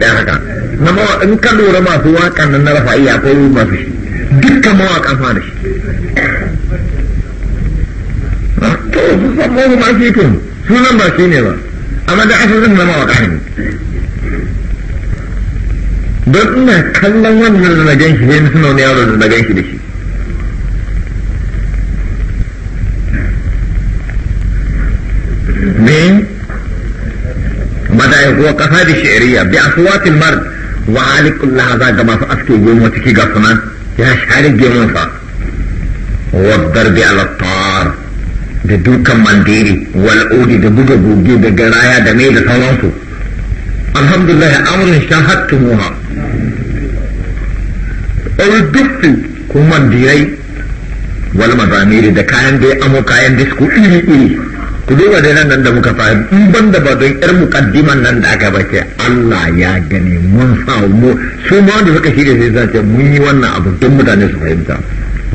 ɗaya haka na mawa in ka lura masu waƙan nan na rafa iya akwai masu shi dukkan mawaƙan fa da shi to su samu ma su yi tun sunan ba shi ne ba amma da na mawaƙa ne don ina kallon wannan na gan shi ne suna wani yaro da gan shi da shi madaya ko da shi'riyya bi aswat al-mar wa ali kullu hadha gama fa aske gomo tiki gafana ya shari gomo fa wa darbi ala tar da dukan mandiri wal udi da buga gogi da garaya da mai da sauransu alhamdulillah amrun shahadtumuha ay dukku kuma mandirai wal mazamiri da kayan da amo kayan disku iri iri ku duba dai nan nan da muka fara in ban da ba don yar mukaddiman nan da aka ba bace Allah ya gani mun sa mu su ma wanda suka shirya sai za ce mun yi wannan abu don mutane su fahimta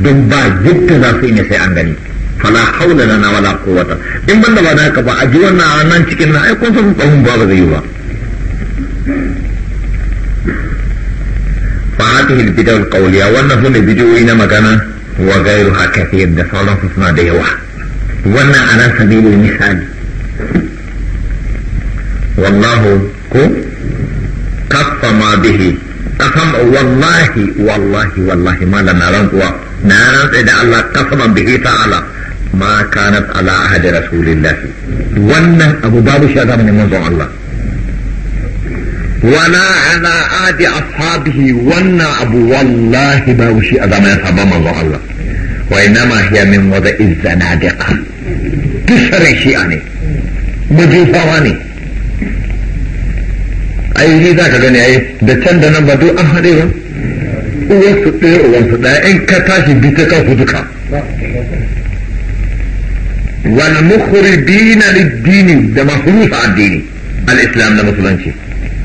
don ba yadda za su yi sai an gani fala haula lana wala quwwata in ban da ba haka ba a ji wannan nan cikin nan ai kun san kun ba ba zai yi ba fa hadhihi al-bid'a qawliya wannan sune bidiyoyi na magana wa ghayruha kathir da sauransu suna da yawa وما على سبيل المثال والله قص ما به قسم والله والله والله ما لنا رنقوا نارن إذا الله قسم به تعالى ما كانت على عهد رسول الله وانا أبو باب شهد من منظر الله ولا على عهد أصحابه وانا أبو والله باب شهد من منظر الله وإنما هي من وضع الزنادقة duk sarai shi'a ne majusawa ne ai za ka gani ai da can da nan ba duk an haɗe ba uwansu ɗaya uwansu ɗaya in ka tashi bi ta kansu duka wal mukhrijina lid-dini da masu addini al-islam da musulunci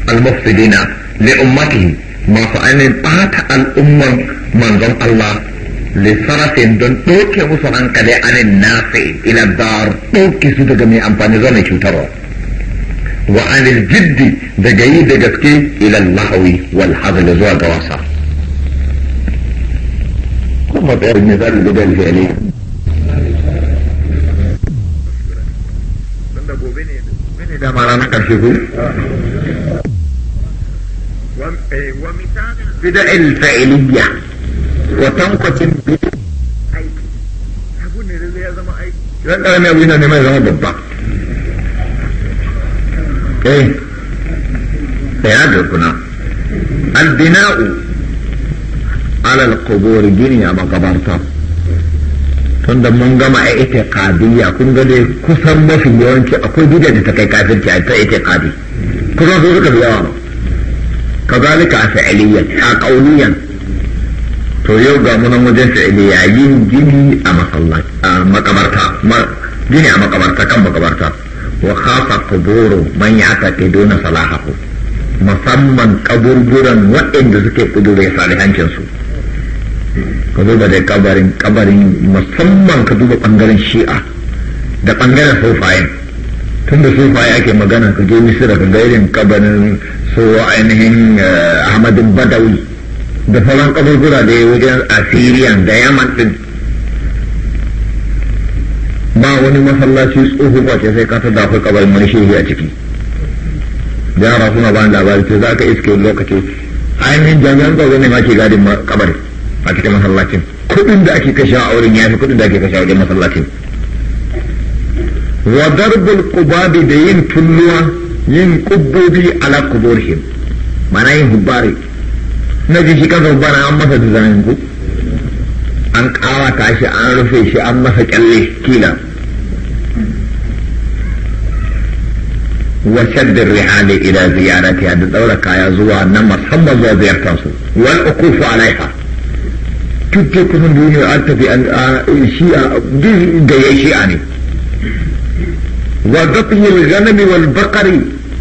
al-mufsidina li ummatihi masu ainihin al al'umman manzon Allah لصرف دون دوك مسو هنكلي عن الناس الى الدار توك سو جميع مي زوني شو وعن الجد دقائي دقائك الى اللهو والحظ لزوى غواسا ثم بير مثال البدل الفعلي dama ومثال البدع الفعليه kwatankwacin biyu aiki abu ne da ya zama aiki ran ƙarami abu yana neman ya zama babba eh da ya garkuna albina'u alal kubur gini a makabarta tun da mun gama a ita kadiyya kun ga dai kusan mafi yawanci akwai gidan da ta kai kafirci a ta ita kadi kusan su suka biyawa kazalika a fa'iliyan a ƙauniyan to yau ga munan wajen sa'ili ya yi gini a makabarta gini a makabarta kan makabarta wa khafa kuburu man ya aka dona salahaku musamman kaburburan waɗanda suke kudure salihancinsu ka duba da kabarin kabarin musamman ka duba ɓangaren shi'a da ɓangaren sufayen tunda sufaye ake magana ka je misira ka ga irin kabarin su ainihin eh, ahmadin badawi da sauran kaburbura da ya wajen asiriyan da yaman din ba wani masallaci ba kwace sai ka dafa akwai kabarin wani shehi a ciki yara suna ba labari to za ka iske lokaci ainihin jami'an tsaro ne ma ke gadin kabarin a cikin masallacin kudin da ake kashe a wurin ya fi kudin da ake kashe a wajen masallacin wa darbul qubabi da yin tulluwa yin kubbobi ala kuburhim mana yin hubbari na ji shi kansa bana an masa design ko an kawata shi an rufe shi an masa kyalle kila wa shaddar rihali ila ziyarati da daura kaya zuwa na musamman zuwa ziyartar su wal ukufu alaiha tutte kuma duniya an tafi an shi a da ya shi a ne wa zafiyar ganami wal bakari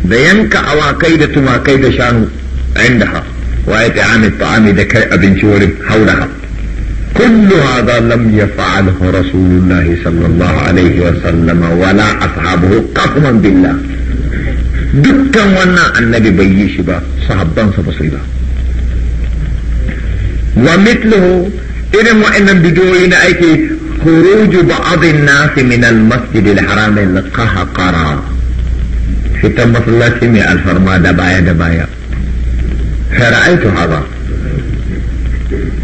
da yanka awakai da tumakai da shanu a inda ha وإطعام الطعام دكاء ابن شورب حولها كل هذا لم يفعله رسول الله صلى الله عليه وسلم ولا أصحابه قسما بالله دكا ونا النبي بيش با صحبان سبصيبا ومثله إذن وإن بدون أيكي خروج بعض الناس من المسجد الحرام قرار في تمثلات مئة الفرما دبايا دبايا shara'aitu haza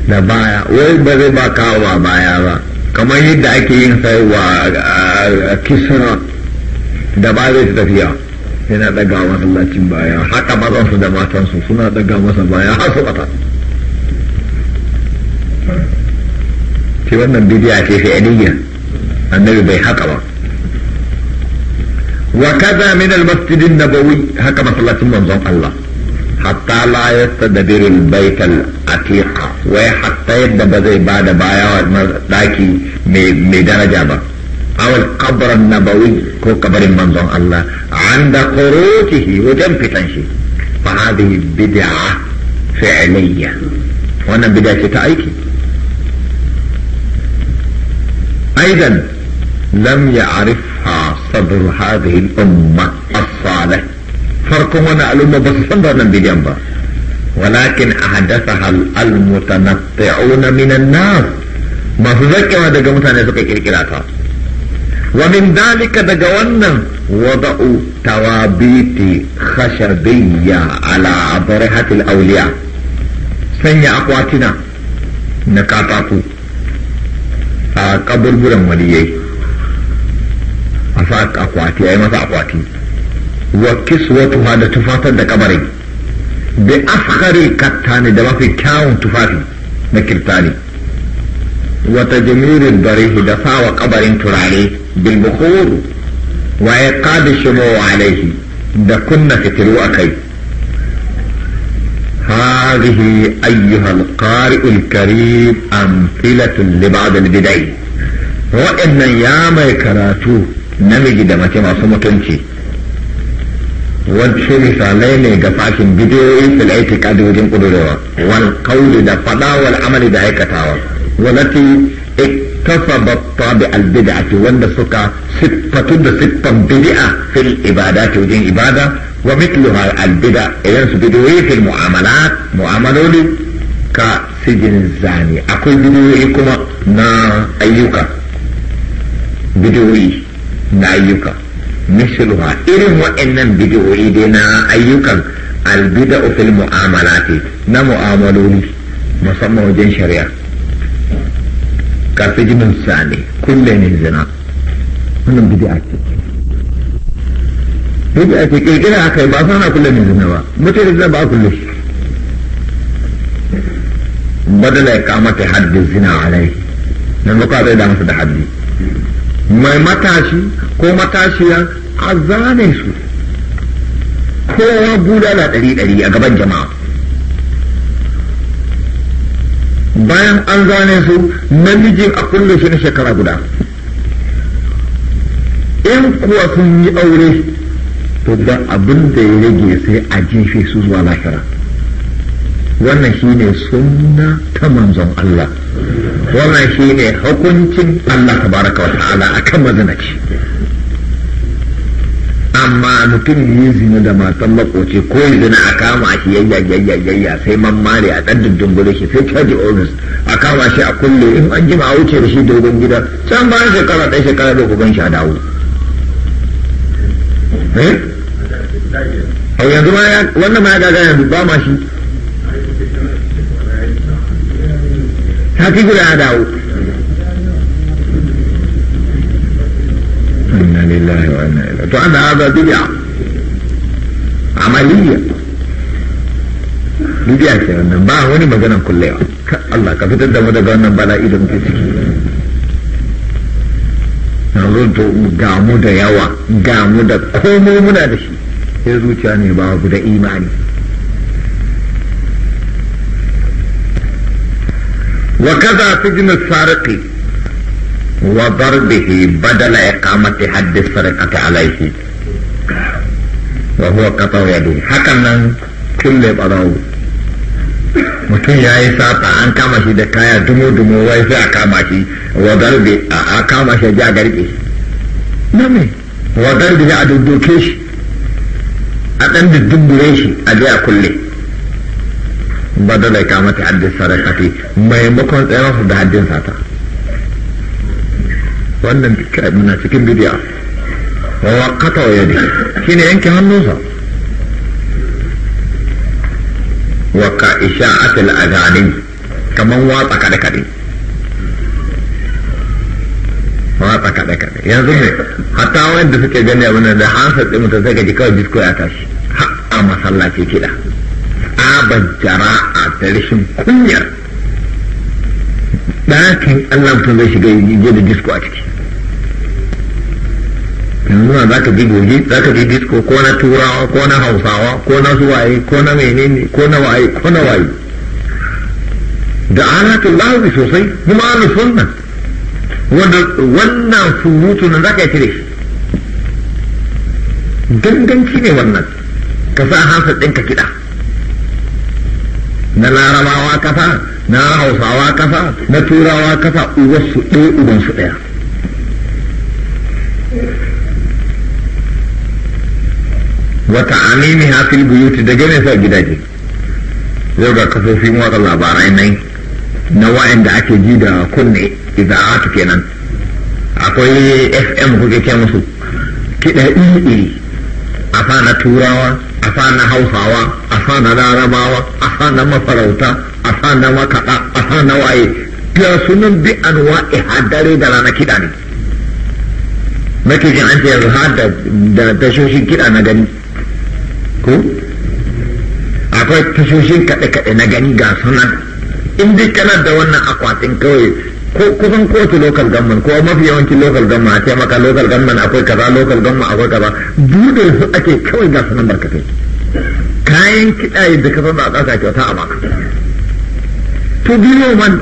da baya wai ba zai ba kawo ba baya ba kamar yadda ake yin wa a kisra da ba zai tafiya yana daga masallacin baya haka mazansu da matansu suna daga masa baya har su bata ce wannan bidiya ce fi aliyya annabi bai haka ba wa kaza min al-masjidin nabawi haka masallacin manzon Allah حتى لا يستدبر البيت العتيق وحتى يبدأ بزي بعد بايا داكي مدرجة با أو القبر النبوي كو قبر منظر الله عند خروجه في تنشي فهذه بدعة فعلية وانا بدعة تأيكي ايضا لم يعرفها صدر هذه الامة الصالح farkon wani al'umma ba su san da wannan bidiyan ba walakin ahdathaha al-mutanatti'una minan nas masu zakewa daga mutane suka kirkira ta wa min dalika daga wannan wada'u tawabiti khashabiyya ala adrahatil awliya sanya akwatina na katako a kaburburan waliyai a sa akwati a yi masa akwati wa kiswatuha da tufatar da kabarin bi afkharil kattani da mafi kyawun tufafi na kirtani wa tajmirin da sawa ƙabarin turare bil bukhur wa iqad da kunna fitilu akai هذه أيها القارئ الكريم أمثلة لبعض ya وإن يا ما da نمجد ما mutunci. wacce misalai ne ga fashin bidiyoyi fil aitiqadi wajen kudurewa wal qawli da fada wal amali da aikatawa walati iktasabat tabi al bid'ati wanda suka siffatu da siffan bid'a fil ibadati wajen ibada wa mithluha al bid'a idan su bidiyoyi fil mu'amalat mu'amaloli ka sijin zani akwai bidiyoyi kuma na ayyuka bidiyoyi na ayyuka مثلها إرم وإنن بدعوئي دينا أيوكا البدع في المعاملات نمعاملوني مصمم وجن شريعة كالسجن الثاني كل الزنا من بدعة بدعة كيكنا أكي باصانا كل من الزنا متى الزنا كل شيء بدل إقامة حد الزنا عليه من مقابل دامة حدي mai matashi ko matashiya a zane su kowa guda na ɗari ɗari a gaban jama'a bayan an zane su namijin a kulle shi na shekara guda in kuwa sun yi aure to da abin da ya rage sai a jefe su zuwa lahira wannan shine sunna ta manzon Allah wannan shi ne hukuncin Allah tabaraka wa ta'ala akan mazinaci amma mutum yi zina da matan makoci ko zina a kama shi yayya yayya yayya sai man mare a ɗan dundungure shi sai caji ofis a kama shi a kulle in an jima a wuce da shi dogon gida can bayan shekara ɗaya shekara da ku shi a dawo eh yanzu ma wannan ma ya gaga yanzu ba ma shi sati guda ya dawo to an da inna ilaihi amaliya wannan ba wani maganan kullewa Allah ka fitar da mu daga wannan bala'i da ciki na to gamu da yawa gamu da komo muna da shi sai zuciya ne ba ku da imani وكذا سجن السارق وضربه بدل إقامة حد السرقة عليه وهو قطع يده حكما كل براو mutum ya yi sata an kama shi da kaya dumo-dumo wai sai a kama shi wa garbe a kama shi ja garbe na me wa garbe ya a dudduke shi a ɗan duddubure shi a je a kulle badala ka mata haddin sarakati maimakon tsayar su da haddin sata wannan na cikin bidiya wa kata wa yadi ne yanke hannunsa wa ka isha'atul azani kamar watsa kada kade watsa kada kade yanzu ne hatta wanda suke gani abin da hansa tsimuta zai sai ka ji kawai disko ya tashi Ha! a masallaci kiɗa tsabar jara'a da rashin kunyar ɗakin Allah mutum zai shiga je da disko a ciki yanzu na za ka ji goji za ka ji disko ko na turawa ko na hausawa ko na suwaye ko na menene ko na waye ko na waye da haka lahabi sosai kuma alu sunna wanda wannan surutu na za ka yi cire shi danganci ne wannan ka sa hansa ɗinka kiɗa na larabawa kasa na hausawa kasa na turawa kasa uwarsu ɗaya ubansu ɗaya wata amini hafil buyuti da gane sa gidaje zai ga kasofi watsa labarai nai na da ake ji da kunne idan kenan akwai fm kuke ke musu kiɗa iri a fa na turawa a na hausawa asa na larabawa asa na mafarauta a na makaɗa asa na waye biya sunan bi anwa dare da rana kiɗa ne makikin an ce yanzu har da tashoshin kiɗa na gani ko akwai tashoshin kaɗe-kaɗe na gani ga sunan in dai kana da wannan akwatin kawai ko kusan kowace local government ko mafi yawancin local government a ce maka local government akwai kaza local government akwai kaza dole su ake kawai ga sunan barkatai kayan kiɗa yadda ka san da aka kyauta a maka to biyo man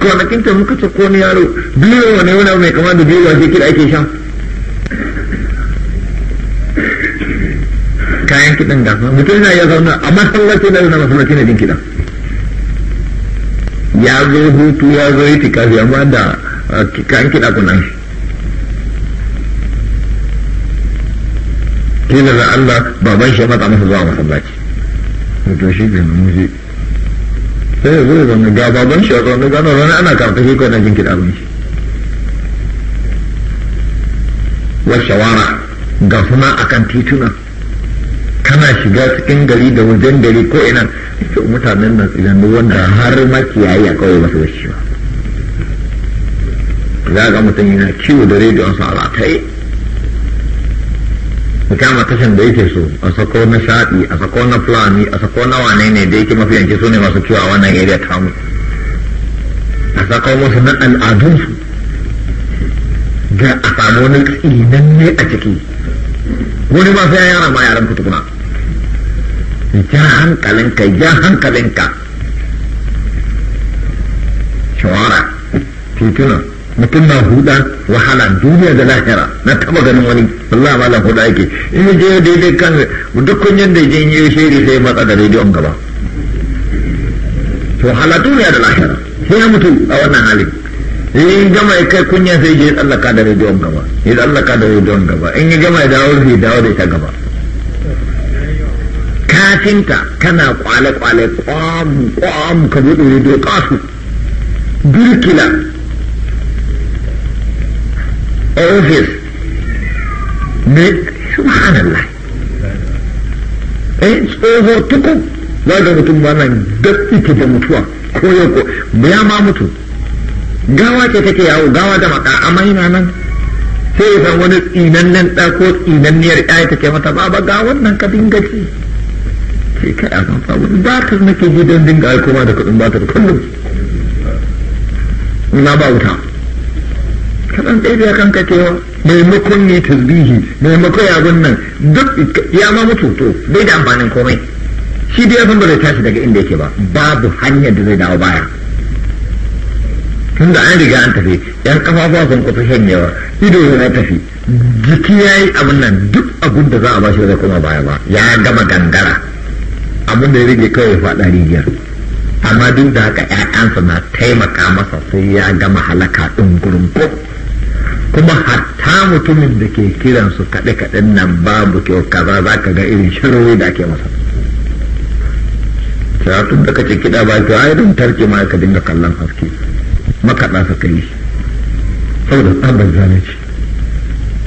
kwanakin ta muka ce ko ni yaro biyo ne wani mai kama da biyo shi kiɗa ake shan kayan kiɗan gasa mutum na ya zauna a masallaci na masallaci na jin kiɗan ya zo hutu ya zo yi tikafi amma da kan kiɗa kunan kila da Allah baban shi ya matsa masa zuwa masallaci to shi ke nan muje sai ya zuwa ya ga baban shi ya zaune gano rana ana karta shi kwanan jin kiɗa abin shi wa shawara ga suna akan tituna kana shiga cikin gari da wajen gari ko ina ce mutanen nan tsinan wanda har makiyayi a kawai masu wasu ba za ga mutum yana ciwo da rediyon sa a kai mu kama tashin da yake so a sako na shaɗi a sako na fulani a sako na wane ne da yake mafi yanke su ne masu ciwo a wannan area tamu a sako masu na al'adunsu ga a samu wani tsinan ne a ciki wani ba sai yara ma yaran kutukuna ja hankalinka ja hankalinka shawara tituna mutum na huda wahala duniya da lahira na taba ganin wani Allah ba lafi da yake in je daidai kan dukkan yadda da jin yi shiri sai matsa da rediyon gaba to hala duniya da lahira sai ya mutu a wannan hali in gama ya kai kunya sai je tsallaka da rediyon gaba ya tsallaka da rediyon gaba in ya gama ya dawo sai dawo da ita gaba zafinta tana kwale-kwale kwam kwam ka buɗe rediyo kasu birkila ofis ne subhanallah eh tsoho tuku za ga mutum ba nan duk da mutuwa ko yau ko ya ma mutu gawa ce take yawo gawa da maka amma yana nan sai ya san wani tsinannen ɗa ko tsinanniyar ɗaya take mata ba ba ga wannan ka dinga ci sai kai a samu ba ka nake ji dinga aiko da kuɗin ba kullum na ba wuta kaɗan ɗaya ya kanka cewa maimakon ne tasbihi maimakon nan duk ya ma mutu to bai da amfanin komai shi da ya ba zai tashi daga inda yake ba babu hanyar da zai dawo baya tun da an riga an tafi yan kafafuwa sun kusa shanyewa ido ya tafi jiki ya yi abin nan duk abin da za a ba shi zai koma baya ba ya gama gangara abin da ya rage kawai faɗa rigiyar amma duk da haka ‘ya'yansa na taimaka masa sai ya gama halaka ɗin gurin ko kuma hatta mutumin da ke kiran su kaɗe kaɗe nan babu kyau kaza za ka ga irin shirori da ake masa tun da kace kiɗa ba ta ai don tarke ma ka dinga kallon haske makaɗa su yi saboda tsabar zalunci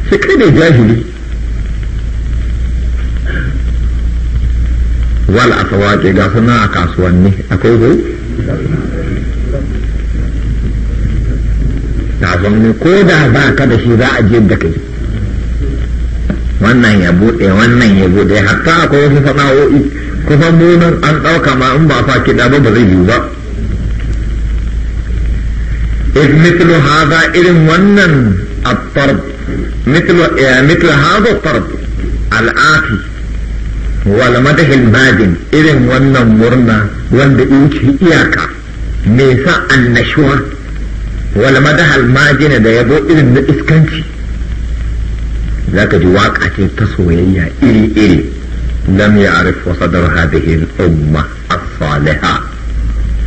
sai kai ne jahili wal asawaki ga suna a kasuwanni akwai ko kasuwanni ko da ba ka da shi za a je da kai wannan ya bude wannan ya bude hatta akwai wasu sana'o'i kusan munin an ɗauka ma in ba fa kiɗa ba ba zai yiwu ba إذ مثل هذا إذن ونن الطرد مثل مثل هذا الطرد الآتي wala madahil badin irin wannan murna wanda yake iyaka me sa annashuwa wala madahal majina da yabo irin na iskanci zaka ji waka ce ta soyayya iri iri lam ya'rif wa sadar hadhihi al-umma as-salihah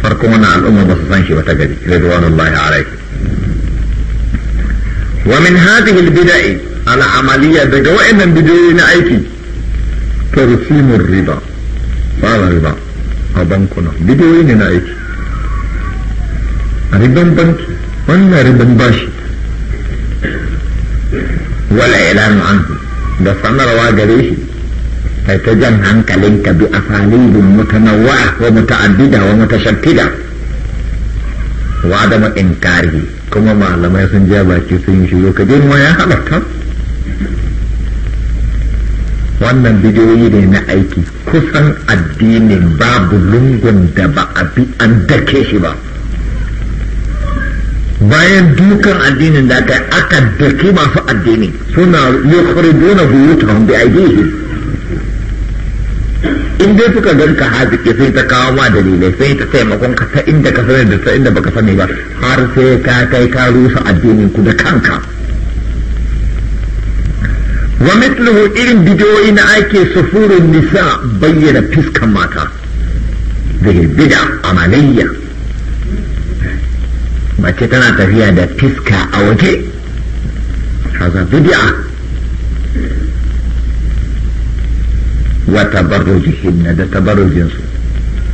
farko wannan al'umma ba su san shi wata gari ridwanullahi alaihi wa min hadhihi al-bida'i al-amaliyya daga wa'annan bidiyoyi na aiki tarsimin riba fara riba a bankuna bidiyoyi ne na aiki a riban banki wannan riban bashi wala ilanu anhu da sanarwa gare shi kai ta jan hankalinka bi a asalibin mutanawwa wa muta'addida wa mutashattida wa adama inkarihi kuma malamai sun ja baki sun yi shiru ka je ma ya halarta wannan bidiyoyi ne na aiki kusan addinin babu lungun da ba a bi an dake shi ba bayan dukan addinin da aka aka dake masu addini suna yukhrijuna buyutahum bi aydihim in dai suka haɗu hazike sai ta kawo ma dalilai sai ta taimakon ka ta inda ka sani da ta inda baka sani ba har sai ka kai ka rusa addinin ku da kanka wa mithluhu irin bidiyoyi na ake sufurin nisa bayyana fiskan mata da bida amaliya mace tana tafiya da fiska a waje haza Wata wa tabarrujihin da tabarrujinsu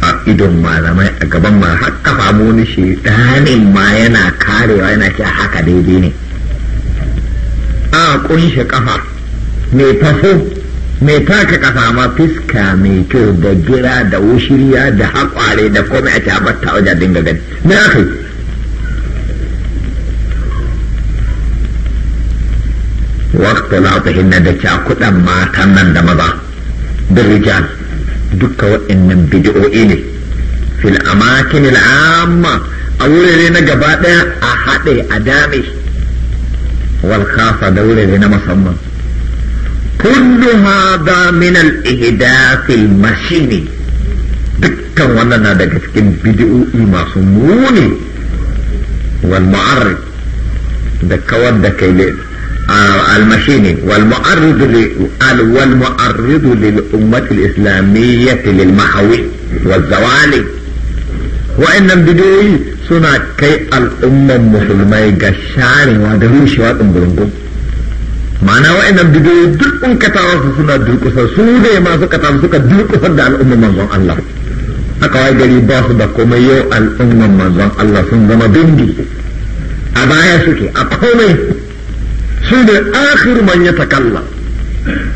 a idon malamai a gaban ma har kafa wani shedanin ma yana karewa yana ce haka daidai ne a kunshe ƙafa. mai faso mai taka kafa ma fiska mai kyau da gira da wushiriya da haƙware da komai a tabbata wajen dinga gani me aka yi waktu lafihin da cakuɗan matan nan da maza da rijal duka waɗannan bidi'o'i ne fil amakin al'amma a wurare na gaba ɗaya a haɗe a dame wal da wurare na musamman كل هذا من الإهداف المشيني دكا وننا كن بدئو إيما سموني والمعرض دكا ودكا آه، المشيني والمعرض والمعرض للأمة الإسلامية للمحوي والزوالي وإن بدئو سنة كي الأمة المسلمة قشاني ودروشي وقم بلنقم ma'ana wa'annan bidiyoyi duk in um katawa su suna durkusa su ya masu katawa suka durkusa da al'umman manzon Allah haka wai gari ba su da komai yau al'umman manzon Allah sun zama dangi a baya suke a komai su ne akhir man ya takalla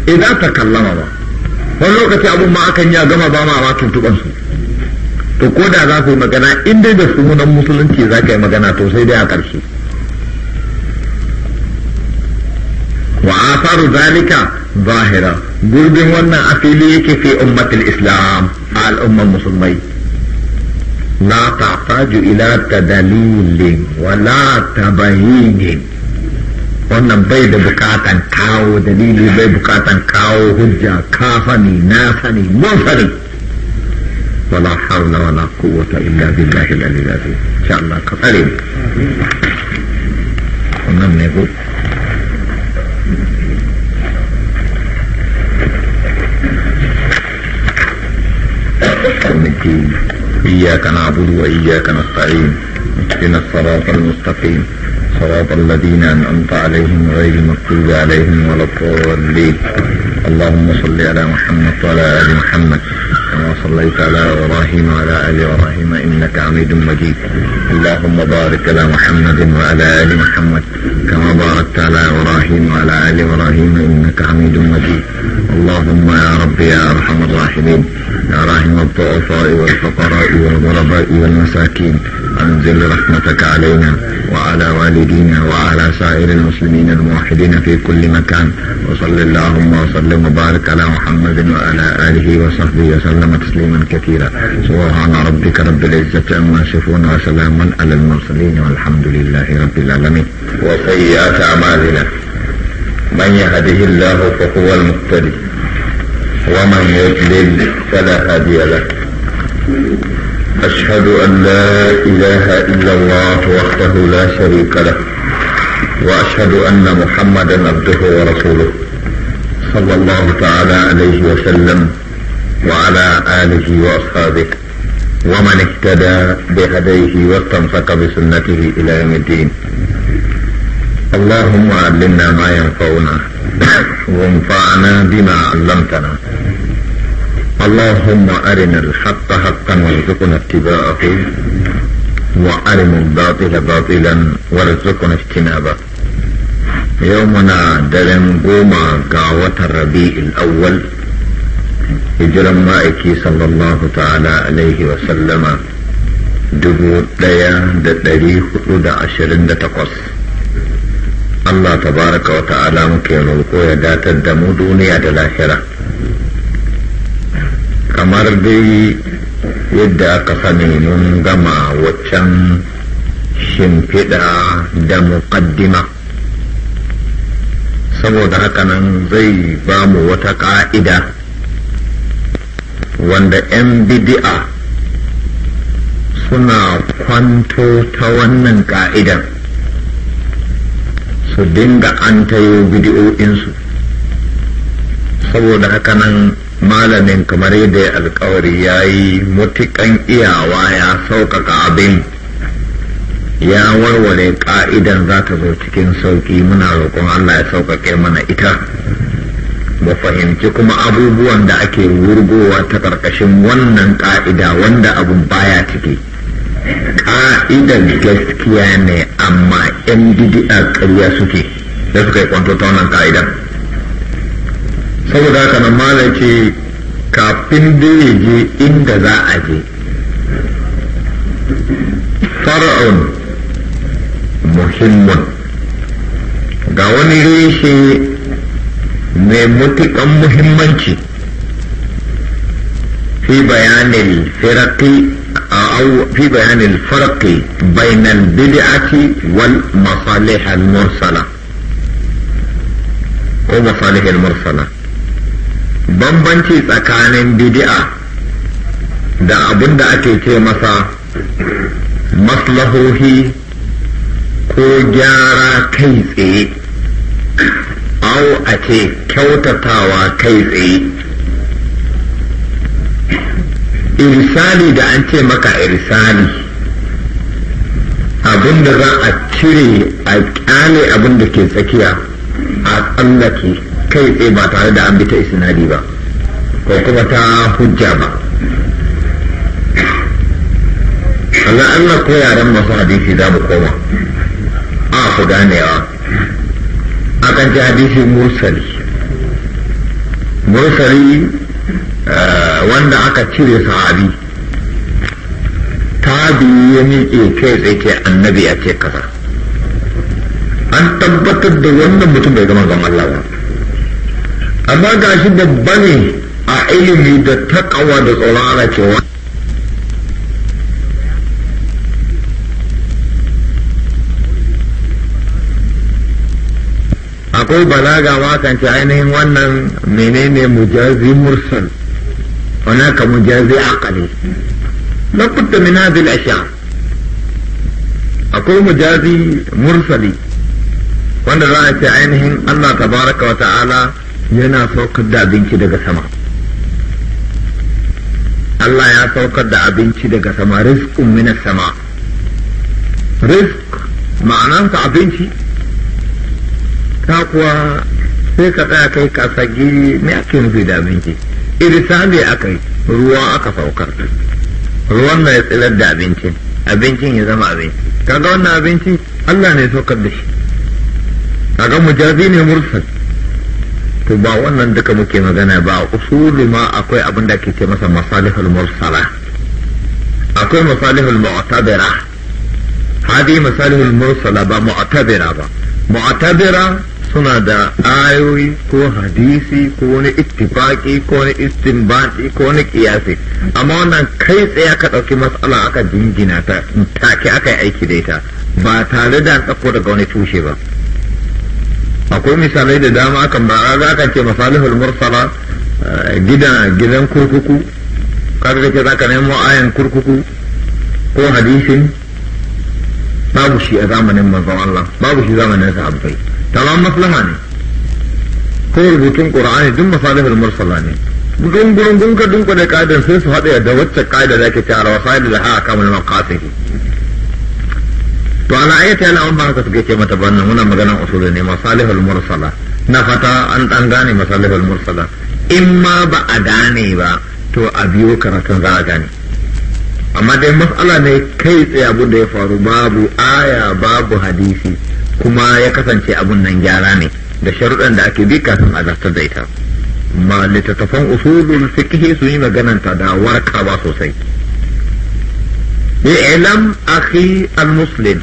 idan takallama ba wani lokaci abun ma akan ya gama ba ma ma tuntuban su to ko da za su yi magana inda da da sunan musulunci za ka yi magana to sai dai a ƙarshe وآثار ذلك ظاهرة قلبي هنا أفليك في أمة الإسلام قال أمة المسلمين لا تحتاج إلى تدليل ولا تبهيج قلنا بيد بكاتا كاو دليل بيد بكاتا كاو هجا كافني نافني موفني ولا حول ولا قوة إلا بالله العلي العظيم إن شاء الله كفرين قلنا بنقول يوم الدين إياك نعبد وإياك نستعين اهدنا الصراط المستقيم صراط الذين أنعمت عليهم غير المغضوب عليهم ولا الضالين اللهم صل على محمد وعلى آل محمد كما صليت على إبراهيم وعلى آل إبراهيم إنك حميد مجيد اللهم بارك على محمد وعلى آل محمد كما باركت على إبراهيم وعلى آل إبراهيم إنك حميد مجيد اللهم يا رب يا أرحم الراحمين يا راحم الضعفاء والفقراء والغرباء والمساكين أنزل رحمتك علينا وعلى والدينا وعلى سائر المسلمين الموحدين في كل مكان وصل اللهم وسلم وبارك على محمد وعلى آله وصحبه وسلم وسلم تسليما كثيرا سبحان ربك رب العزة عما يصفون وسلاما على المرسلين والحمد لله رب العالمين وسيئات أعمالنا من يهده الله فهو المقتدي ومن يضلل فلا هادي له أشهد أن لا إله إلا الله وحده لا شريك له وأشهد أن محمدا عبده ورسوله صلى الله تعالى عليه وسلم وعلى آله وأصحابه ومن اهتدى بهديه واستمسك بسنته إلى يوم الدين اللهم علمنا ما ينفعنا وانفعنا بما علمتنا اللهم أرنا الحق حقا وارزقنا اتباعه وأرنا الباطل باطلا وارزقنا اجتنابه يومنا درن قوما قاوة الربيع الأول hijiran ma'aiki sallallahu ta'ala alaihi wa sallama dubu ɗaya da ɗari hudu da ashirin da takwas Allah tabaraka wa ta'ala muke roƙo ya datar da mu duniya da lahira kamar dai yadda aka sani mun gama waccan shimfiɗa da muƙaddima saboda haka nan zai ba mu wata ƙa'ida wanda 'yan bidi'a suna kwanto ta wannan ƙa'idan su dinga an tayo bidi'o'insu saboda haka nan malamin kamar yadda ya alkawari ya yi mutukan iyawa ya sauƙaƙa abin ya warware ƙa'idan za ta zo cikin sauƙi muna roƙon allah ya sauƙaƙe mana ita mu fahimci kuma abubuwan da ake wurgowa ta ƙarƙashin wannan ƙa'ida wanda abu baya ciki ƙa'idar gaskiya ne amma 'yan bidi'a ƙarya suke da suka yi kwanto ta wannan ƙa'idar saboda haka nan mala kafin da je inda za a je fara'un muhimmin. ga wani reshe mai matuƙan muhimmanci fi bayanin farki bainal bid'ati wal masalihar mursala ko masalihar mursala bambanci tsakanin bidi'a da abin da ake ce masa maslahohi ko gyara kai tsaye au a ce kyautatawa kai tsaye irsali da an ce maka irsali abinda za a cire a kyale abinda ke tsakiya a tsallake kai tsaye ba tare da an bi ta isnadi ba ko kuma ta hujja ba Allah Allah ko yaren masu hadisi za mu koma a ku ganewa akan ji hadisi mursali mursali eh, wanda aka cire sahabi tabi ya miƙe kai tsaye annabi a ce kasa an tabbatar da wannan mutum bai gama ga Allah ba amma ga shi babba ne a ilimi da takawa da tsoron ana cewa akwai balaga ma kan ce ainihin wannan menene mujazi mursal mujazi مجازي عقلي لابد من هذه الأشياء akwai mujazi mursali wanda za a ce ainihin Allah tabaraka wa ta'ala yana saukar da abinci daga sama Allah ya saukar da abinci daga sama rizqun minas sama rizq ma'anansa abinci ta kuwa sai ka tsaya kai kasa giri ne ake nufi da abinci irisali aka yi ruwa aka saukar ruwan na ya tsirar da abincin abincin ya zama abinci kaga wannan abinci Allah ne saukar da shi kaga mujazi ne mursal to ba wannan duka muke magana ba usulu ma akwai abin da ke ce masa masalihul mursala akwai masalihul mu'tabira hadi masalihul mursala ba mu'tabira ba mu'tabira suna da ayoyi ko hadisi ko wani ittifaki ko wani istinbati ko wani kiyasi amma wannan kai tsaye aka ɗauki matsala aka jingina ta take aka yi aiki da ita ba tare da tsako daga wani tushe ba akwai misalai da dama akan ba za ka ce masalihul mursala eh, gidan gidan kurkuku kaga ce za ka nemo ayan kurkuku ko hadisin babu shi a zamanin manzon Allah babu shi zamanin sahabbai tamam maslaha ne ko rubutun qur'ani duk masalihul mursala ne gurin gurin gun ka dunkule kaidan sai su haɗe da wacce kaida zake ta ala wasail da ha kamar maqasih to ala ayati ala an ba ka suke mata bannan muna magana usulun ne masalihul mursala na fata an dan gane masalihul mursala in ma ba a gane ba to a biyo karatun za a gane amma dai matsala ne kai tsaye abin da ya faru babu aya babu hadisi kuma ya kasance abun nan gyara ne da sharuɗan da ake bi kafin a zartar da ita ma littattafan usulul fiqh sun yi magananta ta da warkawa sosai i'lam akhi al-muslim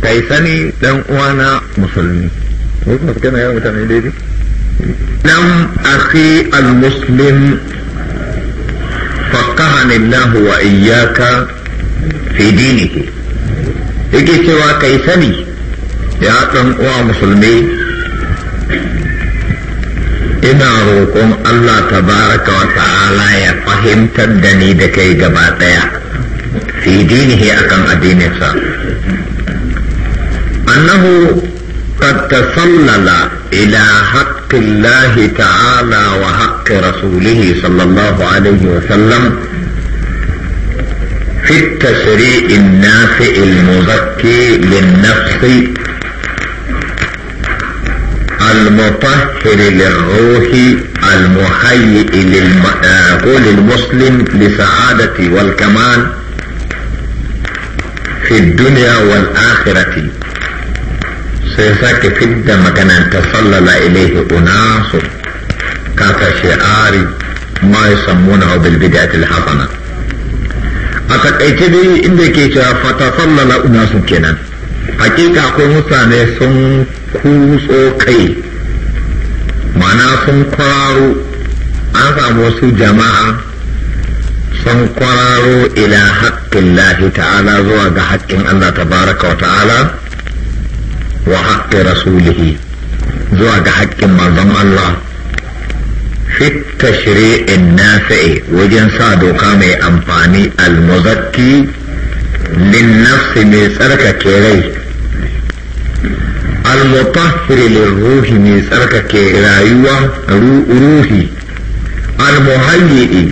kai sani dan uwana musulmi لم أخي المسلم فقهني الله وإياك في دينه yake cewa kai sani ya ɗan uwa musulmi ina roƙon Allah tabaraka wa ta'ala ya fahimtar da ni da kai gaba ɗaya fi dinihi akan addininsa annahu قد تسلل إلى حق الله تعالى وحق رسوله صلى الله عليه وسلم في التشريع النافع المزكي للنفس المطهر للروح المهيئ للمقول آه، المسلم لسعادة والكمال في الدنيا والآخرة سيساك في الدم أن تسلل إليه أناس كاك شعار ما يسمونه بالبدعة الحسنة أتكيت دي إنك فتصلل أناس كنان hakika akwai mutane sun kutso kai mana sun kwararo an samu wasu jama'a sun kwararo ila haƙƙin lahi ta'ala zuwa ga haƙƙin Allah tabaraka wa ta'ala wa haƙƙin rasulihi zuwa ga haƙƙin manzon Allah fi tashri'in nafi'i wajen sa doka mai amfani al-muzakki lin nafsi mai tsarkake rai المطهر للروح من سركك إلى كرايوة روحي المهيئ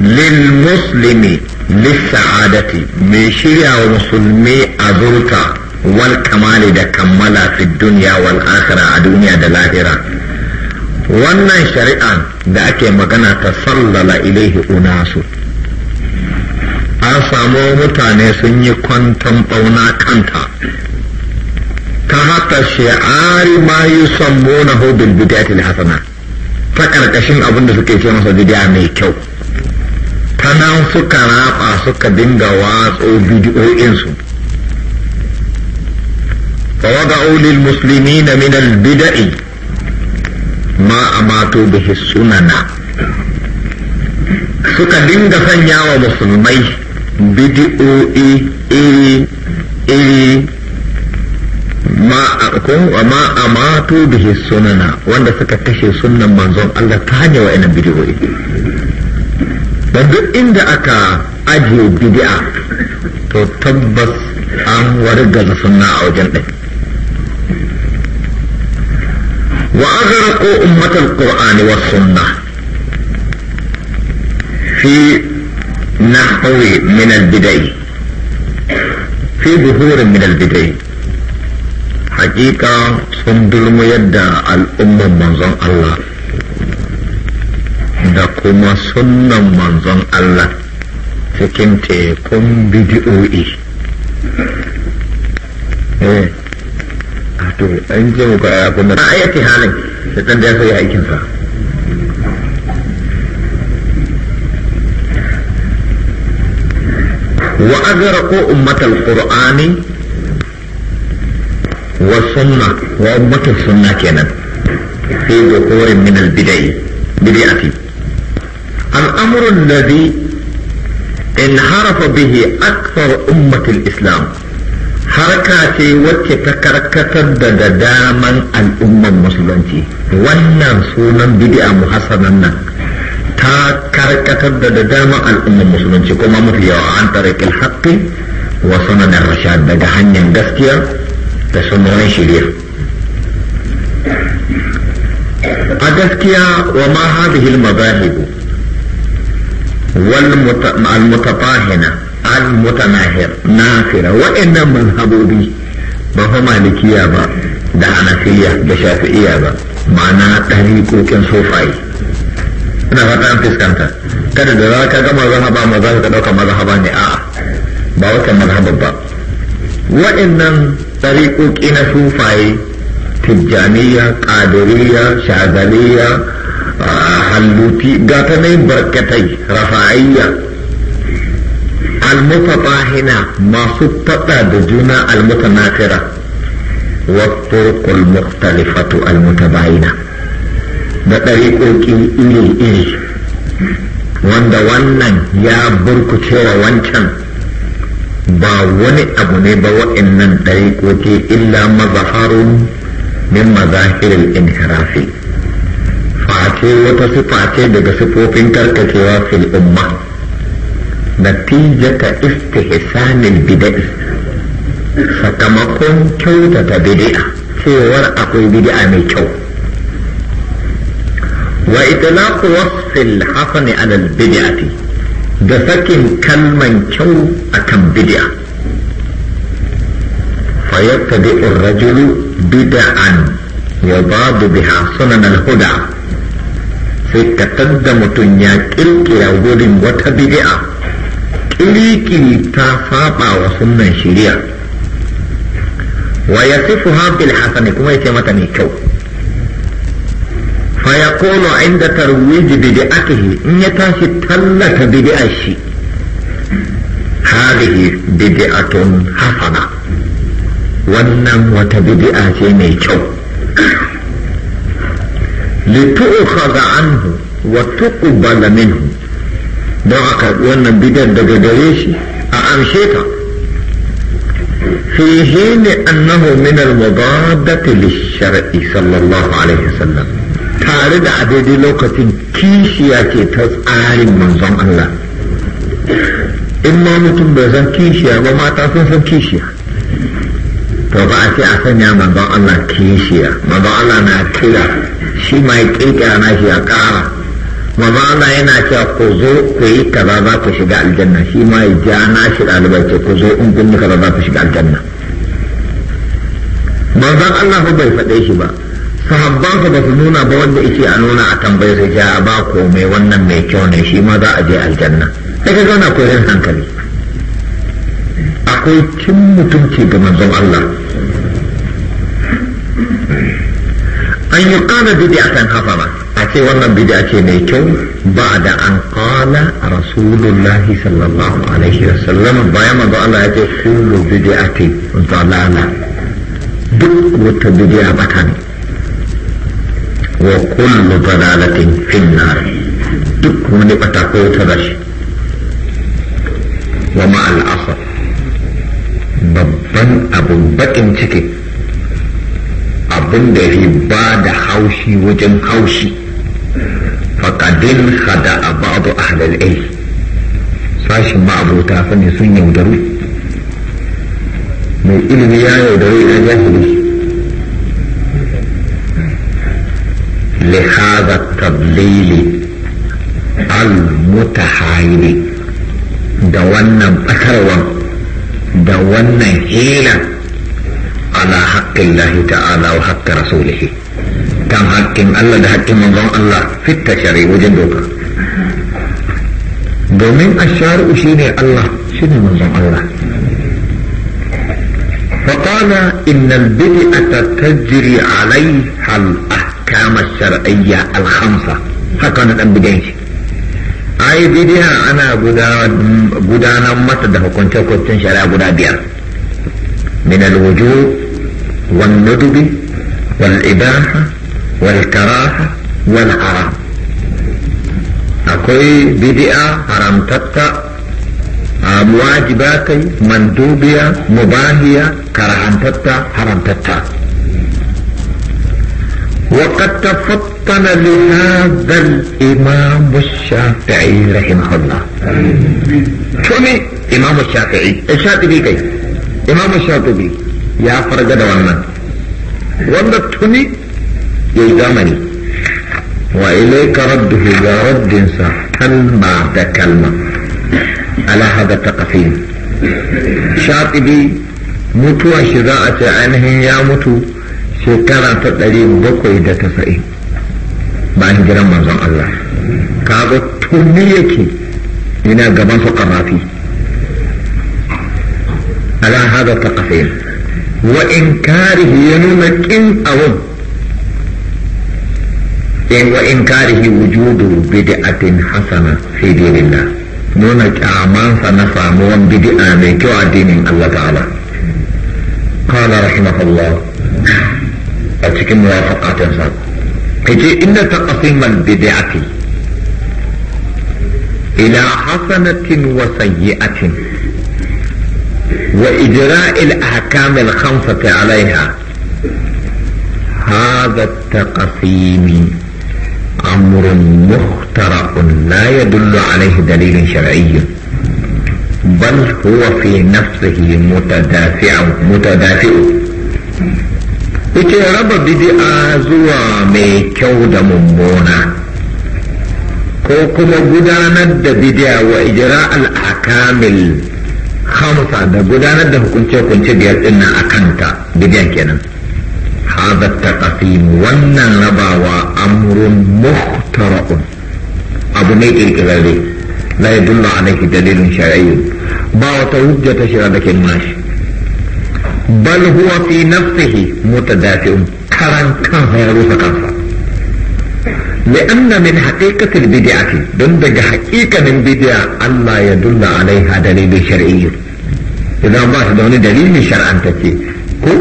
للمسلم للسعادة من شريع ومسلمي أذرك والكمال دا في الدنيا والآخرة الدنيا دلاثرة الآخرة wannan shari'a da ake magana ta sallala ilaihi unasu an samu mutane sun yi kwanton bauna kanta ta haka shi'ari ma yi sammona hau bilbidiya ta hasana ta karkashin abinda suke ce masa bidiya mai kyau ta nan suka raba suka dinga watso bidiyoyinsu wa ga ulil musulmi na minal bida'i ma a mato sunana suka dinga sanya wa musulmai bidiyoyi iri iri ما أكون وما أمات به السنن وأنا سكتشي سنن من زون الله تاني وإن بدوي بدو إن دعك أجي بدعة تتبس أم ورقة سنة أو جنة وأغرقوا أمة القرآن والسنة في نحو من البدع في ظهور من البدايه hakika sun dulmayar da al'umman manzon Allah da kuma sunan manzon Allah cikin tekun bidiyoyi eh a to an ji muka ya kuma a yake halin da shaitan da ya sai aikinsa wa azraqu ummatal qur'ani والسنة وأمة السنة كانت في ظهور من البدع بدعة الأمر الذي انحرف به أكثر أمة الإسلام harka ce wacce ta karkatar daga daman al'umman musulunci wannan sunan bid'a muhassanan nan ta karkatar daga daman al'umman musulunci kuma mafi yawa an tsarikin haƙƙi wa rashad daga hanyar gaskiya da sunonin shirya a gaskiya wa ma hadhihi al wal al al-mutanahir nafira wa'annan mazhabobi ba fa malikiya ba da hanafiya da shafi'iya ba ma'ana ɗariƙoƙin sofaye ina fata an fuskanta kada da za ka ga mazhaba za ka ɗauka mazhaba ne a'a ba wata mazhaba ba wa'annan طريقو كينا شوفاي تجانية قادرية شاذلية حلوتي آه، قاتني بركتي رفاعية المتطاهنة ما ستطع دجونا المتناكرة والطرق المختلفة المتباينة بطريقو كي إلي إلي وان دا وانن يا بركو تيرا وانشن ba wani abu ne ba wa'annan ɗariƙoƙi illa mazaharun min mazahirin inhirafi face wata sifa ce daga sifofin karkacewa fil umma ta istihsanil bid'a sakamakon kyautata bid'a cewar akwai bid'a mai kyau wa itlaqu wasfil hasani ala al bid'ati da sakin kalman kyau a kan bid'a fayyarta da irrajulu bid'an ya babu biha sunan alhuda sai ka tadda mutum ya kirkira wurin wata bid'a kirkiri ta saba wa sunan shirya wa ya ha bil hasani kuma ce mata mai kyau فيقول عند ترويج بدعته إن يتاشي تلت بدعشي هذه بدعة حسنة ونم وتبدع شيء لتؤخذ عنه وتقبل منه دعك وانا بدا دقدريشي أعمشيك في حين أنه من المضادة للشرع صلى الله عليه وسلم tare da a daidai lokacin kishiya ke ta tsarin manzon Allah in ma mutum bai san kishiya ba mata sun san kishiya to ba a ce a sanya manzon Allah kishiya manzon Allah na kira shi mai kirkira na shi a kara manzon Allah yana cewa ku zo ku yi kaza za ku shiga aljanna shi ma ja na shi ɗalibai ce ku zo in kun kaza za ku shiga aljanna manzon Allah bai faɗe shi ba sahabbansa ba su nuna ba wanda yake a nuna a tambayi su ja ba mai wannan mai kyau ne shi ma za a je aljanna daga zauna ko yin hankali akwai cin mutunci ga manzon Allah an yi kana hafa ba a ce wannan a ce mai kyau ba da an a rasulullahi sallallahu alaihi wasallam bayan manzon Allah ya ce kullu ke zalala duk wata a bata ne wa kullu dalalatin fin nar duk wani bata ta babban abun bakin ciki abin da ya ba da haushi wajen haushi faƙadin hada a ba'adu a ilm sashin ma'abota fa ne sun yaudaru mai ilimi ya yaudaru ya jahili لهذا التضليل المتحايل دوانا بسروا دوانا هيلا على حق الله تعالى وحق رسوله كان حق الله ده حق من الله في التشريع وجندوك دومين a sharu الله شيني من shi الله فقال إن البدعة تجري عليها الأهل ahkam shar'iyya al-khamsa haka na dan bidan shi ai bidiya ana gudanar mata da hukunce-hukuncen shari'a guda biyar min al-wujub wal nudubi wal ibaha wal karaha wal haram akwai bidi'a haramtatta wajibatai mandubiya mubahiya karahantatta haramtatta وقد تفطن لهذا الإمام الشافعي رحمه الله شوني إمام الشافعي الشاطبي كي إمام الشاطبي يا فرقد وانا وانا توني يجامني وإليك رده يا رد هل بعد كلمة على هذا التقسيم شاطبي mutuwa shi za a ce ainihin ya mutu shekara ta ɗari bakwai da tasa'in bayan jiran manzon Allah kaga tuni yake ina gaban su ƙarafi ala haɗa ta ƙasayin wa in karihi ya nuna ƙin abun in wa in karihi wujudu bid'atin hasana fi dinillah nuna kyamansa na samuwan bid'a mai kyau addinin Allah ta'ala قال رحمه الله a cikin muwafaqatinsa yace inna taqsimal bid'ati ila hasanatin wa sayyi'atin wa ijra'il ahkam al-khamsati 'alayha هذا التقسيم امر مخترع لا يدل عليه دليل شرعي بل هو في نفسه متدافع متدافئ ita raba bid'a zuwa mai kyau da mummuna ko kuma gudanar da bid'a wa ijra al-akamil khamsa da gudanar da hukunce hukunce biyar din nan akan ta bid'a kenan hada taqsim wannan rabawa amrun muhtara'un abu ne kirkirare la yadullu alayhi dalilun shar'iyyun ba wata hujja ta shari'a da kenan shi بل هو في نفسه متدافئ كران كان يروح كفا لأن من حقيقة daga دندق bida allah ya الله alaiha عليها دليل شرعي إذا ما تدعوني دليل شرعا تكي ko.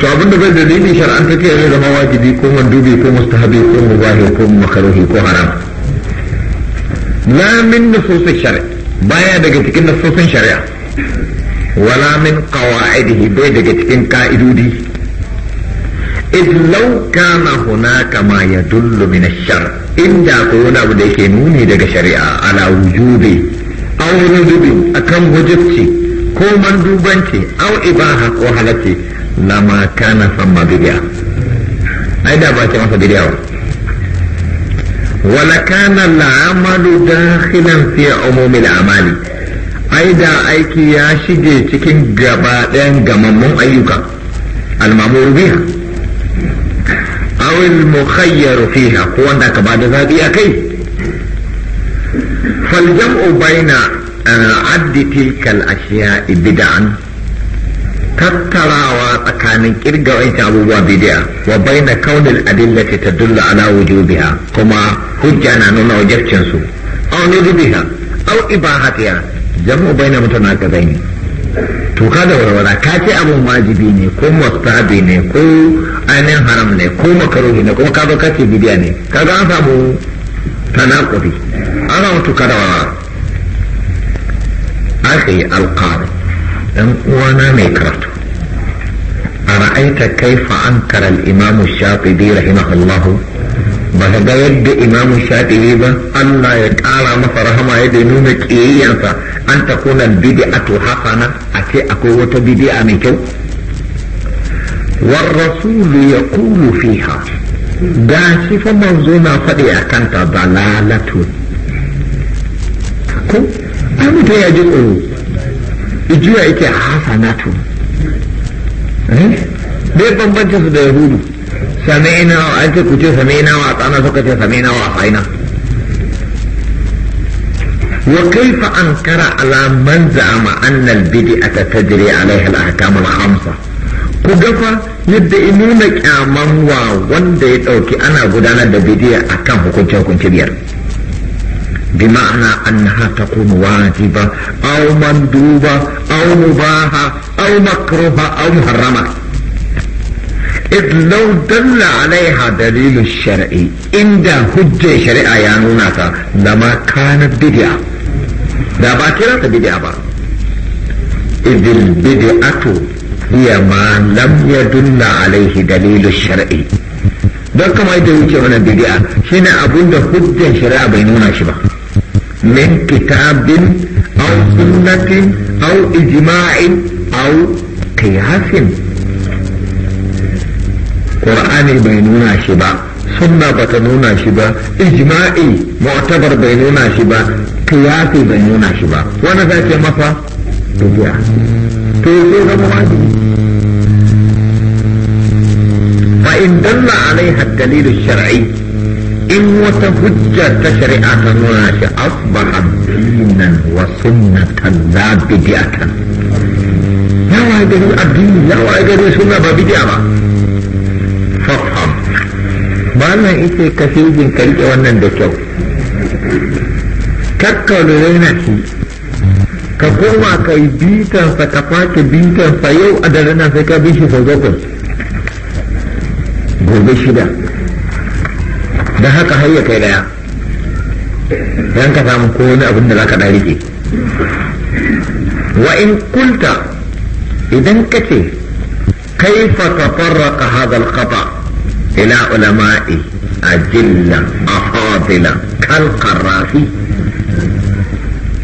to abin da bai dalili shar'an take yayin zama wajibi ko mandubi ko mustahabi ko mubahi ko makaruhi ko haram la min nusus shar'i baya daga cikin nusus shari'a wala min qawaidihi bai daga cikin ka'idodi إذ لو كان هناك ما يدل من الشر إن يقولون أبو ديك نوني دك شريعة على وجودي أو نجد أكم وجدتي كو مندوبانتي أو إباحة وحالتي لما كان فما بدعة أيضا باتي ما بدعة ولكان العمل داخلا في عموم الأعمال ai da aiki ya shige cikin gabaɗayan ɗayan gamammun ayyuka almamuru biya. awil mukhayyaru fiha ko wanda ka bada zabi a kai faljam'u baina eh, addi tilkal ashiya'i bid'an tattarawa tsakanin kirga wancan abubuwa bidiya wa baina kaunin ta dulla ala wujubiha kuma hujja na nuna wajibcin su aw nudbiha aw ibahatiha jam'u baina mutanaqidai to ka da warwara ka ce abun wajibi ne ko mustahabi ne ko ainihin haram ne ko makaruhi ne kuma ka zo ka ce bidiya ne kaga an samu tanaqubi an samu ka da warwara akhi alqari dan uwana mai karatu أرأيت كيف أنكر الإمام الشاطبي رحمه الله ba ka ga yadda imamu shafi'i ba Allah ya ƙara masa rahama ya da nuna ƙiyayyansa an ta kuna haka na a ce akwai wata bid'a mai kyau war rasulu yaqulu fiha ga shi fa manzo na faɗi a kanta lalatu ko an ta ya ji tsoro ijiya yake hasanatu eh bai bambancin su da yahudu sami'ina wa an ce kuce sami'ina wa tsana suka ce sami'ina wa fa'ina wa kaifa an kara za'ama annal ku gafa yadda kyaman wa wanda ya dauki ana gudanar da bid'a akan hukunci hukunci biyar بمعنى أنها تكون واجبة أو مندوبة أو مباحة أو إذ لو دل عليها دليل الشرع إن دا حجة شريعة يانوناتا لما da بدعة دا باكرة بدعة با إذ البدعة هي ما لم يدل عليه don kama yadda wuce wannan bidi'a shine abun da hujjan shari'a bai nuna shi ba min kitabin au sunnatin au ijma'in au qiyasin qur'ani bai nuna shi ba sunna bata nuna shi ba ijma'i mu'tabar bai nuna shi ba qiyasi bai nuna shi ba wani za ce masa bid'a to sai ga mu'adi fa in dalla alaiha da shar'i in wata hujja ta shari'a ta nuna shi asbaha dinan wa sunnatan la bid'atan yawa gari addini yawa gari suna ba bid'a ba malam ita ka jin ka riƙe wannan da kyau kakkalu raina shi ka koma ka yi bitansa ka face bitansa yau a dare na sai ka bi shi sau bakwai gobe shida da haka har ya kai daya dan ka samu ko wani abin da za ka da rike wa in kulta idan ka ce kaifa tafarraqa hadha al-qata' إلى علماء أجلة أفاضلة كالقرافي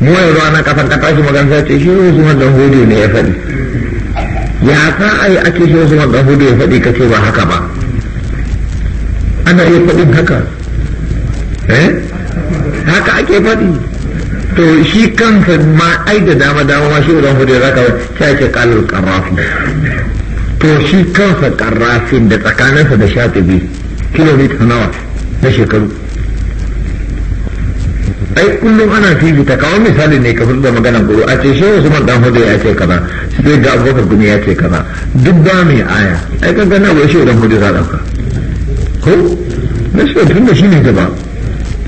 mu yanzu ana kafan ka tashi magana sai ce shi Usman dan Hudu ne ya faɗi ya sa yi ake shi Usman dan Hudu ya faɗi kace ba haka ba ana iya faɗin haka eh haka ake faɗi to shi kansa ma ai da dama dama ma shi Usman Hudu ya zaka sai ce kalul qarafi to shi kansa karrafin da tsakaninsa da shatibi kilomita nawa na shekaru ai kullum ana ta kawo misali ne ka da maganan guru a ce shi wasu mandan hudu ya ce kaza sai ga abubakar gumi ya ce kaza duk ba mai aya ai ka gana wai shi dan hudu za ɗauka. ko na shi tun da shi ne gaba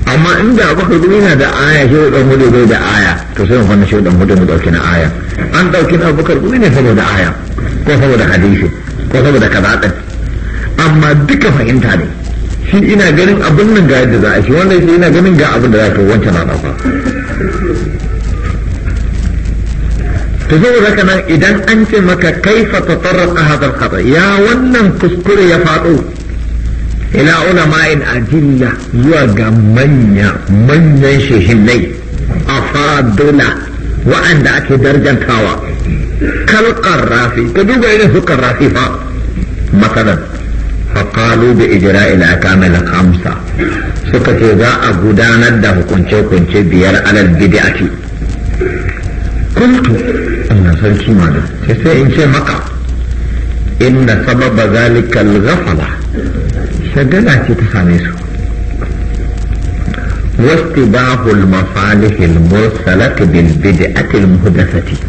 amma inda abubakar gumi na da aya shi wadan hudu bai da aya to sai mu fanna shi wadan hudu mu ɗauki na aya an ɗauki na abubakar gumi ne saboda aya ko saboda hadisi ko saboda kaza amma duka fahimta ne shi ina ganin abin nan ga yadda za a shi wanda shi ina ganin ga abin da za ka wancan na ɗauka to saboda kana idan an ce maka kaifa tatarraqa hadha hadar khata ya wannan kuskure ya faɗo ila ulama'in ajilla zuwa ga manya manyan shehillai afadula wa'anda ake darjantawa kalkar rafi ka duba idan suka rafi fa matsalar faƙalu da ijira ila kamar kamsa suka ce za a gudanar da hukunce-hukunce biyar alal bidi'ati kuntu ina san kima da ta sai in ce maka inda sababa zalikal gafala shagala ce ta same su واستباح المصالح المرسلة بالبدعة المهدثة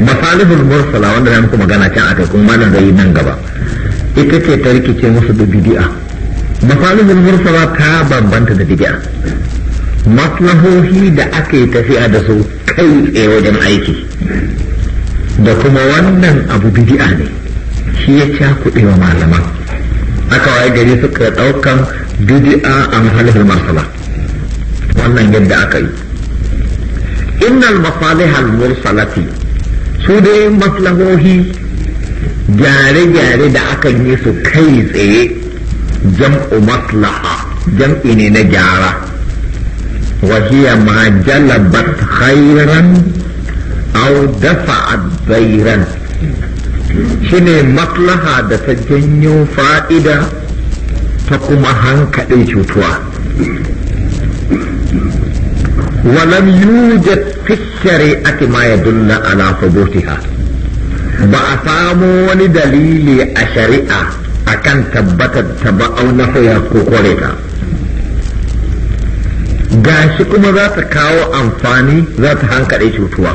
masalihul mursala wanda na muku magana can a kuma malin da yi nan gaba ita ce ta rikice musu da bidi'a masalihul mursala ta bambanta da bidi'a maslahohi da aka yi tafiya da su kai tsaye wajen aiki da kuma wannan abu bidi'a ne shi ya cakuɗe wa malaman aka waye gari suka ɗaukan bidi'a a masalihul mursala wannan yadda aka yi innal masalihal mursalati su dai maslahohi gyare-gyare da aka yi su kai tsaye jam'u maslaha jam'i ne na gyara wahiya ma jalabat khairan au dafa'at zairan shine maslaha da ta janyo fa'ida ta kuma hankaɗin cutuwa ولم يوجد fi shari'ati ma ya dunna ala thubutiha ba a samu wani dalili a shari'a a kan tabbatar ta ba auna ya ko kore ta gashi kuma za ta kawo amfani za ta hankali cutuwa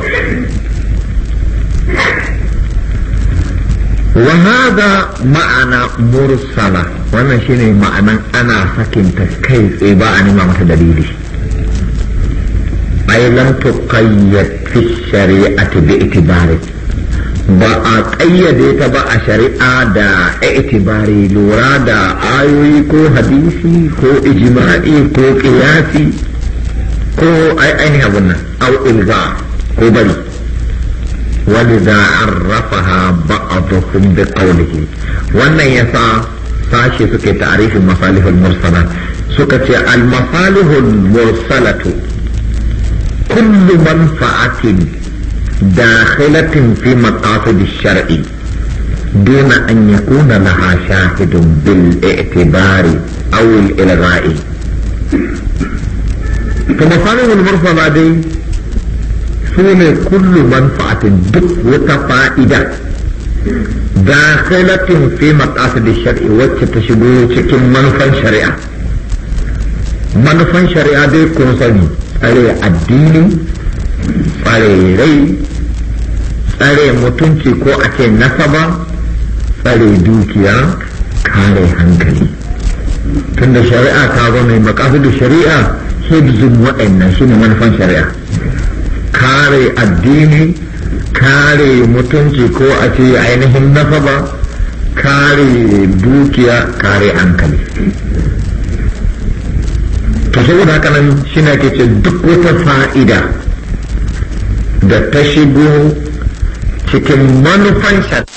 ma'ana mursala wannan shine ma'anan ana sakinta kai tsaye ba a nima mata dalili. ai lam fi shari'ati bi ba a ƙayyade ta ba a shari'a da itibari lura da ayoyi ko hadisi ko ijima'i ko ƙiyasi ko ainihin abun nan au ilga ko bari wani a عرفها da بقوله wannan ya sa sashe suke tarihin masalihul mursala suka ce al masalihul mursalatu كل منفعة داخلة في مقاصد الشرع دون أن يكون لها شاهد بالاعتبار أو الإلغاء قالوا المرسلة دي سنة كل منفعة دك وتفائدة داخلة في مقاصد الشرع وتتشبه تشكل منفع شريعة منفع شريعة دي كونساني tsare addini tsare rai tsare mutunci ko a ce nasaba tsare dukiya kare hankali tunda shari'a ta zo mai da shari'a hibzin waɗannan shi ne manufan shari'a kare addini kare mutunci ko a ce ainihin nasaba kare dukiya kare hankali to saboda haka nan shi na ke ce duk wata fa'ida da ta shigo cikin manufan shaɗa